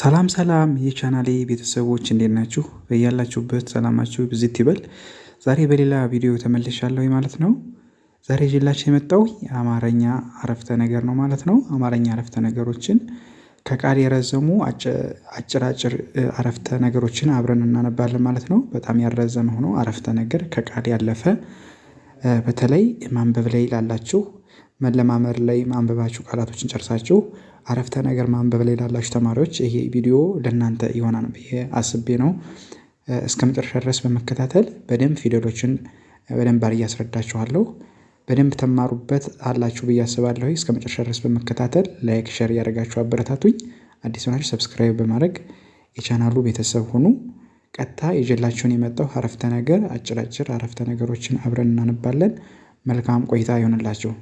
ሰላም ሰላም የቻናሌ ቤተሰቦች እንዴት ናችሁ? በያላችሁበት ሰላማችሁ ብዝት ይበል። ዛሬ በሌላ ቪዲዮ ተመልሻለሁ ማለት ነው። ዛሬ ይዤላችሁ የመጣው የአማርኛ አረፍተ ነገር ነው ማለት ነው። አማርኛ አረፍተ ነገሮችን ከቃል የረዘሙ አጭራጭር አረፍተ ነገሮችን አብረን እናነባለን ማለት ነው። በጣም ያረዘመ ሆኖ አረፍተ ነገር ከቃል ያለፈ በተለይ ማንበብ ላይ ላላችሁ መለማመድ ላይ ማንበባችሁ ቃላቶችን ጨርሳችሁ አረፍተ ነገር ማንበብ ላይ ላላችሁ ተማሪዎች ይሄ ቪዲዮ ለእናንተ ይሆናል ብዬ አስቤ ነው። እስከ መጨረሻ ድረስ በመከታተል በደንብ ፊደሎችን በደንብ አር እያስረዳችኋለሁ። በደንብ ተማሩበት አላችሁ ብዬ አስባለሁ። እስከ መጨረሻ ድረስ በመከታተል ላይክ፣ ሸር እያደረጋችሁ አበረታቱኝ። አዲስ ሆናችሁ ሰብስክራይብ በማድረግ የቻናሉ ቤተሰብ ሁኑ። ቀጥታ የጀላችሁን የመጣው አረፍተ ነገር አጭር አጭር አረፍተ ነገሮችን አብረን እናነባለን። መልካም ቆይታ ይሆንላችሁ።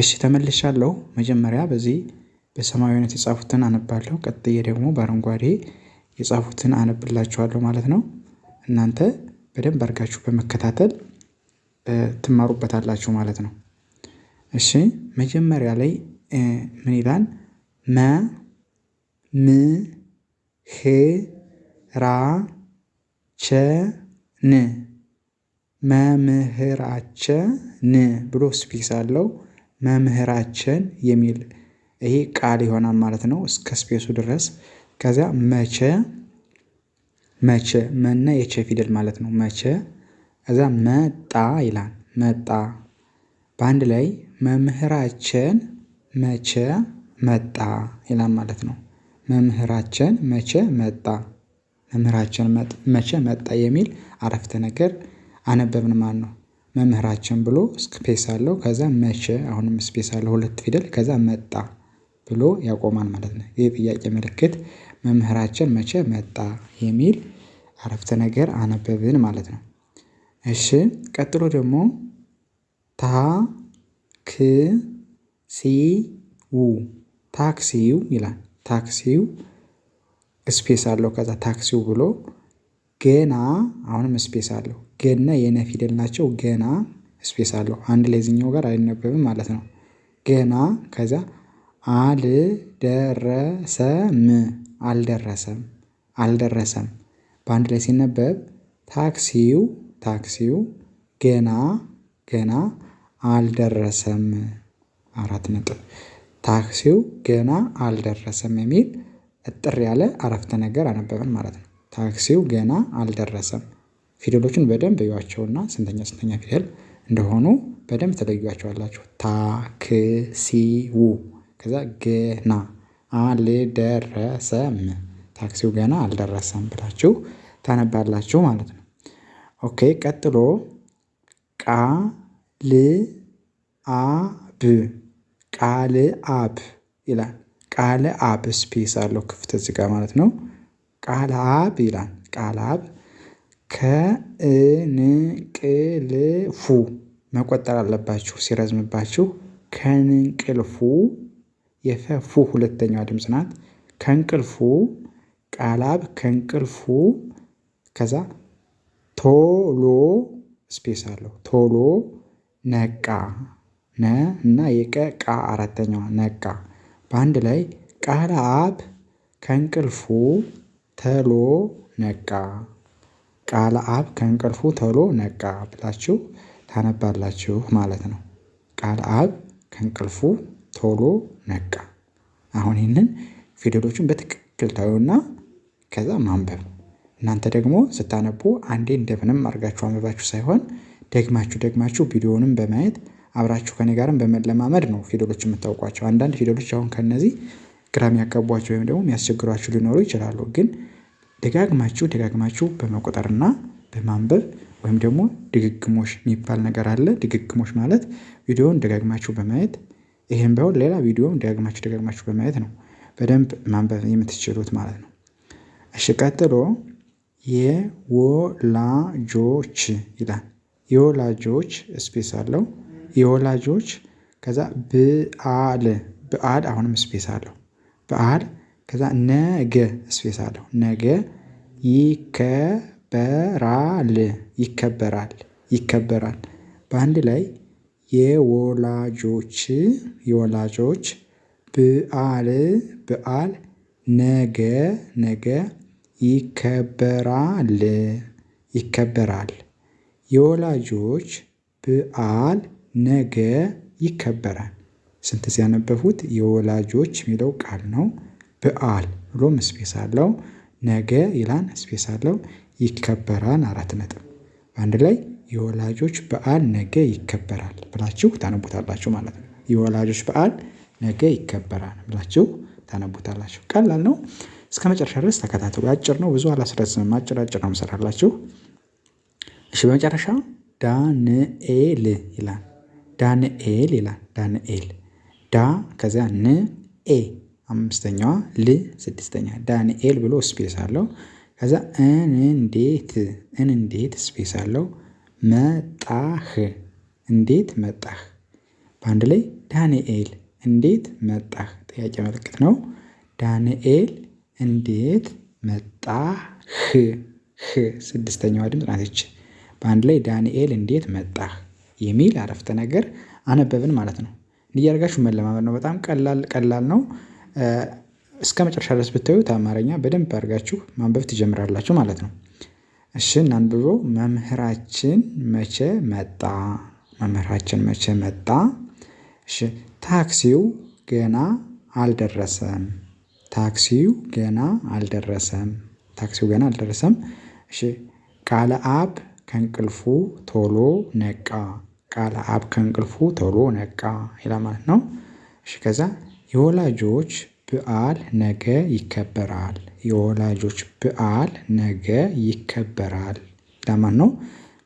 እሺ ተመልሻለሁ መጀመሪያ በዚህ በሰማያዊነት የጻፉትን አነባለሁ ቀጥዬ ደግሞ በአረንጓዴ የጻፉትን አነብላችኋለሁ ማለት ነው። እናንተ በደንብ አድርጋችሁ በመከታተል ትማሩበታላችሁ ማለት ነው። እሺ መጀመሪያ ላይ ምን ይላል? መ ም ህ ራ ቸ ን መምህራቸ ን ብሎ ስፔስ አለው መምህራችን የሚል ይሄ ቃል ይሆናል ማለት ነው። እስከ ስፔሱ ድረስ ከዚያ መቼ መቼ መና የቼ ፊደል ማለት ነው። መቼ ከዛ መጣ ይላል መጣ በአንድ ላይ መምህራችን መቼ መጣ ይላል ማለት ነው። መምህራችን መቼ መጣ መምህራችን መቼ መጣ የሚል አረፍተ ነገር አነበብን ማለት ነው መምህራችን ብሎ ስፔስ አለው ከዛ መቼ አሁንም ስፔስ አለው ሁለት ፊደል ከዛ መጣ ብሎ ያቆማል ማለት ነው። ይህ ጥያቄ ምልክት መምህራችን መቼ መጣ የሚል አረፍተ ነገር አነበብን ማለት ነው። እሺ ቀጥሎ ደግሞ ታክሲው ታክሲው ይላል ታክሲው ስፔስ አለው ከዛ ታክሲው ብሎ ገና አሁንም ስፔስ አለው ገና የነ ፊደል ናቸው ገና ስፔስ አለው አንድ ላይ ጋር አይነበብም ማለት ነው። ገና ከዛ አልደረሰም አልደረሰም አልደረሰም በአንድ ላይ ሲነበብ ታክሲው ታክሲው ገና ገና አልደረሰም አራት ነጥብ ታክሲው ገና አልደረሰም የሚል እጥር ያለ አረፍተ ነገር አነበብን ማለት ነው ታክሲው ገና አልደረሰም። ፊደሎቹን በደንብ እዩዋቸውና ስንተኛ ስንተኛ ፊደል እንደሆኑ በደንብ ትለዩዋቸዋላችሁ። ታክሲው ከዛ ገና አልደረሰም ታክሲው ገና አልደረሰም ብላችሁ ታነባላችሁ ማለት ነው። ኦኬ ቀጥሎ ቃልአብ አብ ይላል። አብ ስፔስ አለው ክፍት እዚህ ማለት ነው። አብ ይላል አብ ከእንቅልፉ መቆጠር አለባችሁ። ሲረዝምባችሁ ከንቅልፉ የፈፉ ሁለተኛዋ ድምፅ ናት። ከእንቅልፉ ቃላብ ከእንቅልፉ ከዛ ቶሎ ስፔስ አለው ቶሎ ነቃ ነ እና የቀ ቃ አራተኛዋ ነቃ በአንድ ላይ ቃላብ ከእንቅልፉ ተሎ ነቃ ቃለ አብ ከእንቅልፉ ተሎ ነቃ ብላችሁ ታነባላችሁ ማለት ነው። ቃለ አብ ከእንቅልፉ ቶሎ ነቃ። አሁን ይህንን ፊደሎቹን በትክክል ታዩና ከዛ ማንበብ። እናንተ ደግሞ ስታነቡ አንዴ እንደምንም አድርጋችሁ አንበባችሁ ሳይሆን ደግማችሁ ደግማችሁ ቪዲዮንም በማየት አብራችሁ ከኔ ጋርም በመለማመድ ነው ፊደሎች የምታውቋቸው። አንዳንድ ፊደሎች አሁን ከነዚህ ግራ የሚያጋቧቸው ወይም ደግሞ የሚያስቸግሯችሁ ሊኖሩ ይችላሉ ግን ደጋግማችሁ ደጋግማችሁ በመቁጠርና በማንበብ ወይም ደግሞ ድግግሞሽ የሚባል ነገር አለ። ድግግሞሽ ማለት ቪዲዮውን ደጋግማችሁ በማየት ይህም ባይሆን ሌላ ቪዲዮውን ደጋግማችሁ ደጋግማችሁ በማየት ነው በደንብ ማንበብ የምትችሉት ማለት ነው። እሺ ቀጥሎ የወላጆች ይላል። የወላጆች ስፔስ አለው። የወላጆች ከዛ በዓል በዓል አሁንም ስፔስ አለው። በዓል ከዛ ነገ ስፔስ አለው ነገ ይከበራል ይከበራል ይከበራል በአንድ ላይ የወላጆች የወላጆች በዓል በዓል ነገ ነገ ይከበራል ይከበራል የወላጆች በዓል ነገ ይከበራል። ስንት ሲያነበፉት የወላጆች የሚለው ቃል ነው በዓል ብሎም ስፔስ አለው። ነገ ይላን ስፔስ አለው ይከበራል አራት ነጥብ በአንድ ላይ የወላጆች በዓል ነገ ይከበራል ብላችሁ ታነቡታላችሁ ማለት ነው። የወላጆች በዓል ነገ ይከበራል ብላችሁ ታነቡታላችሁ። ቀላል ነው። እስከ መጨረሻ ድረስ ተከታተሉ። አጭር ነው፣ ብዙ አላስረዝምም። አጭር አጭር ነው የምሰራላችሁ። እሺ፣ በመጨረሻ ዳንኤል ይላል። ዳንኤል ይላል። ዳንኤል ዳ ከዚያ ን ኤ አምስተኛዋ ል ስድስተኛ ዳንኤል ብሎ ስፔስ አለው። ከዛ እንዴት እንዴት ስፔስ አለው። መጣህ እንዴት መጣህ በአንድ ላይ ዳንኤል እንዴት መጣህ ጥያቄ ምልክት ነው። ዳንኤል እንዴት መጣህ ህ ስድስተኛዋ ድምፅ ናትች። በአንድ ላይ ዳንኤል እንዴት መጣህ የሚል አረፍተ ነገር አነበብን ማለት ነው። እንዲህ መለማመድ ነው። በጣም ቀላል ቀላል ነው። እስከ መጨረሻ ድረስ ብታዩት አማርኛ በደንብ አድርጋችሁ ማንበብ ትጀምራላችሁ ማለት ነው። እሺ እናንብበው። መምህራችን መቼ መጣ? መምህራችን መቼ መጣ? እሺ ታክሲው ገና አልደረሰም። ታክሲው ገና አልደረሰም። ታክሲው ገና አልደረሰም። እሺ ቃለ አብ ከእንቅልፉ ቶሎ ነቃ። ቃለ አብ ከእንቅልፉ ቶሎ ነቃ ይላል ማለት ነው። እሺ ከዛ የወላጆች በዓል ነገ ይከበራል የወላጆች በዓል ነገ ይከበራል ለማን ነው?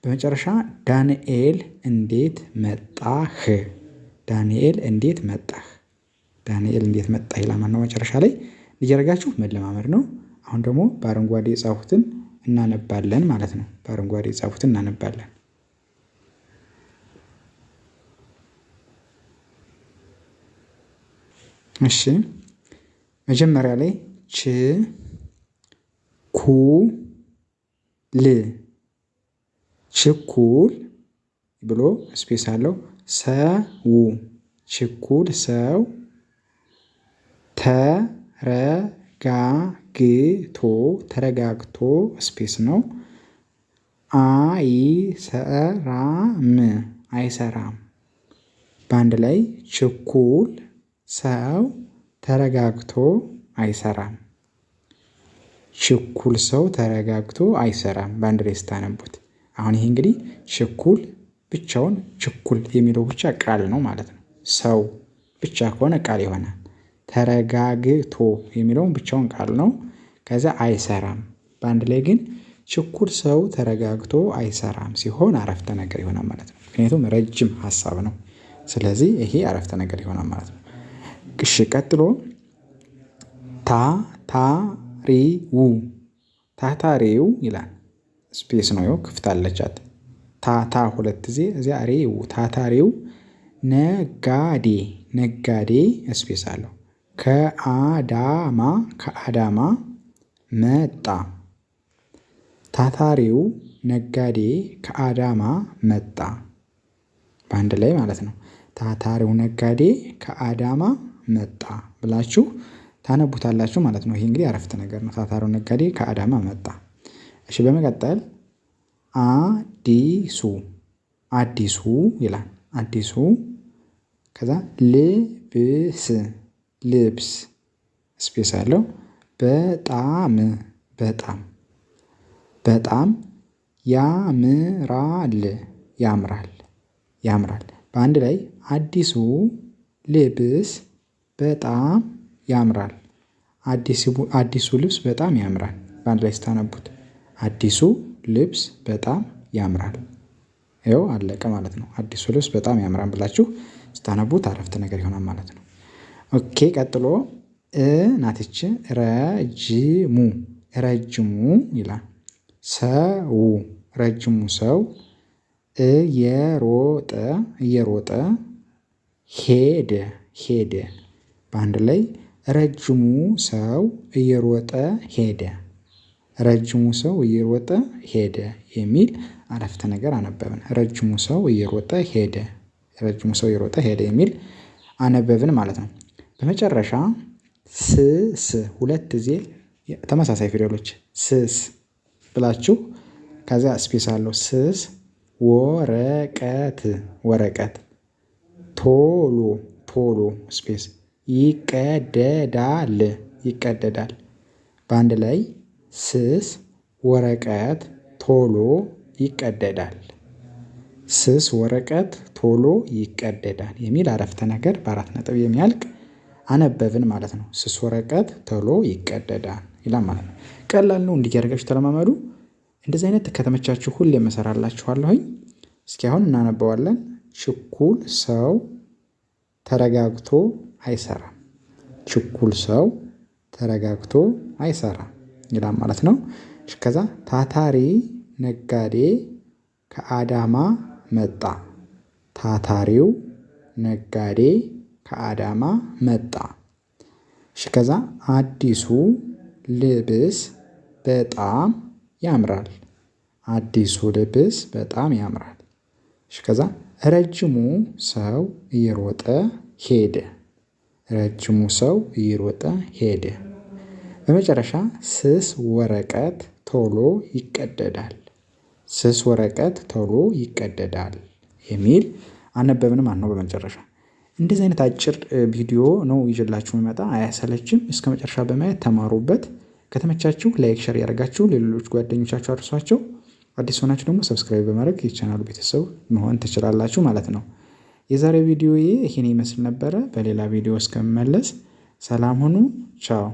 በመጨረሻ ዳንኤል እንዴት መጣህ? ዳንኤል እንዴት መጣህ? ዳንኤል እንዴት መጣህ ይላል ነው መጨረሻ ላይ እያደረጋችሁ መለማመድ ነው። አሁን ደግሞ በአረንጓዴ የጻፉትን እናነባለን ማለት ነው። በአረንጓዴ የጻፉትን እናነባለን እሺ መጀመሪያ ላይ ች ኩ ል ችኩል ብሎ ስፔስ አለው። ሰው ችኩል ሰው ተረጋግቶ ተረጋግቶ ስፔስ ነው። አይሰራም አይሰራም በአንድ ላይ ችኩል ሰው ተረጋግቶ አይሰራም። ችኩል ሰው ተረጋግቶ አይሰራም። በአንድ ላይ ስታነቡት አሁን ይሄ እንግዲህ ችኩል ብቻውን ችኩል የሚለው ብቻ ቃል ነው ማለት ነው። ሰው ብቻ ከሆነ ቃል ይሆናል። ተረጋግቶ የሚለውን ብቻውን ቃል ነው። ከዛ አይሰራም በአንድ ላይ ግን ችኩል ሰው ተረጋግቶ አይሰራም ሲሆን አረፍተ ነገር ይሆናል ማለት ነው። ምክንያቱም ረጅም ሀሳብ ነው። ስለዚህ ይሄ አረፍተ ነገር ይሆናል ማለት ነው። እሺ ቀጥሎ ታታሪው ታታሪው ይላል ስፔስ ነው ይኸው ክፍት አለቻት። ታታ ሁለት ጊዜ እዚያ ሬው ታታሪው ነጋዴ ነጋዴ ስፔስ አለው ከአዳማ ከአዳማ መጣ። ታታሪው ነጋዴ ከአዳማ መጣ። በአንድ ላይ ማለት ነው። ታታሪው ነጋዴ ከአዳማ መጣ ብላችሁ ታነቡታላችሁ ማለት ነው። ይሄ እንግዲህ አረፍተ ነገር ነው። ታታሪው ነጋዴ ከአዳማ መጣ። እሺ በመቀጠል አዲሱ አዲሱ ይላል አዲሱ ከዛ ልብስ ልብስ ስፔስ አለው። በጣም በጣም በጣም ያምራል ያምራል ያምራል። በአንድ ላይ አዲሱ ልብስ በጣም ያምራል። አዲሱ ልብስ በጣም ያምራል በአንድ ላይ ስታነቡት አዲሱ ልብስ በጣም ያምራል። ይኸው አለቀ ማለት ነው አዲሱ ልብስ በጣም ያምራል ብላችሁ ስታነቡት አረፍተ ነገር ይሆናል ማለት ነው። ኦኬ ቀጥሎ ናት ረጅሙ ረጅሙ ይላል ሰው ረጅሙ ሰው እየሮጠ እየሮጠ ሄደ ሄደ በአንድ ላይ ረጅሙ ሰው እየሮጠ ሄደ ረጅሙ ሰው እየሮጠ ሄደ የሚል አረፍተ ነገር አነበብን። ረጅሙ ሰው እየሮጠ ሄደ ረጅሙ ሰው እየሮጠ ሄደ የሚል አነበብን ማለት ነው። በመጨረሻ ስስ ሁለት ጊዜ ተመሳሳይ ፊደሎች ስስ ብላችሁ ከዚያ ስፔስ አለው ስስ ወረቀት ወረቀት ቶሎ ቶሎ ስፔስ ይቀደዳል ይቀደዳል በአንድ ላይ ስስ ወረቀት ቶሎ ይቀደዳል ስስ ወረቀት ቶሎ ይቀደዳል የሚል አረፍተ ነገር በአራት ነጥብ የሚያልቅ አነበብን ማለት ነው። ስስ ወረቀት ቶሎ ይቀደዳል ይላል ማለት ነው። ቀላል ነው እንዲህ ተለማመዱ። እንደዚህ አይነት ከተመቻችሁ ሁሌ እሰራላችኋለሁኝ። እስኪ አሁን እናነበዋለን። ችኩል ሰው ተረጋግቶ አይሰራም። ችኩል ሰው ተረጋግቶ አይሰራም ይላል ማለት ነው። ከዛ ታታሪ ነጋዴ ከአዳማ መጣ። ታታሪው ነጋዴ ከአዳማ መጣ። እሺ ከዛ አዲሱ ልብስ በጣም ያምራል። አዲሱ ልብስ በጣም ያምራል። እሺ ከዛ ረጅሙ ሰው እየሮጠ ሄደ። ረጅሙ ሰው እየሮጠ ሄደ። በመጨረሻ ስስ ወረቀት ቶሎ ይቀደዳል። ስስ ወረቀት ቶሎ ይቀደዳል የሚል አነበብንም አን ነው። በመጨረሻ እንደዚህ አይነት አጭር ቪዲዮ ነው ይዤላችሁ የሚመጣ አያሰለችም። እስከ መጨረሻ በማየት ተማሩበት። ከተመቻችሁ ላይክ፣ ሸር ያደርጋችሁ ለሌሎች ጓደኞቻችሁ አድርሷቸው። አዲስ ሆናችሁ ደግሞ ሰብስክራይብ በማድረግ የቻናሉ ቤተሰብ መሆን ትችላላችሁ ማለት ነው። የዛሬ ቪዲዮዬ ይህን ይመስል ነበረ። በሌላ ቪዲዮ እስከምመለስ ሰላም ሁኑ። ቻው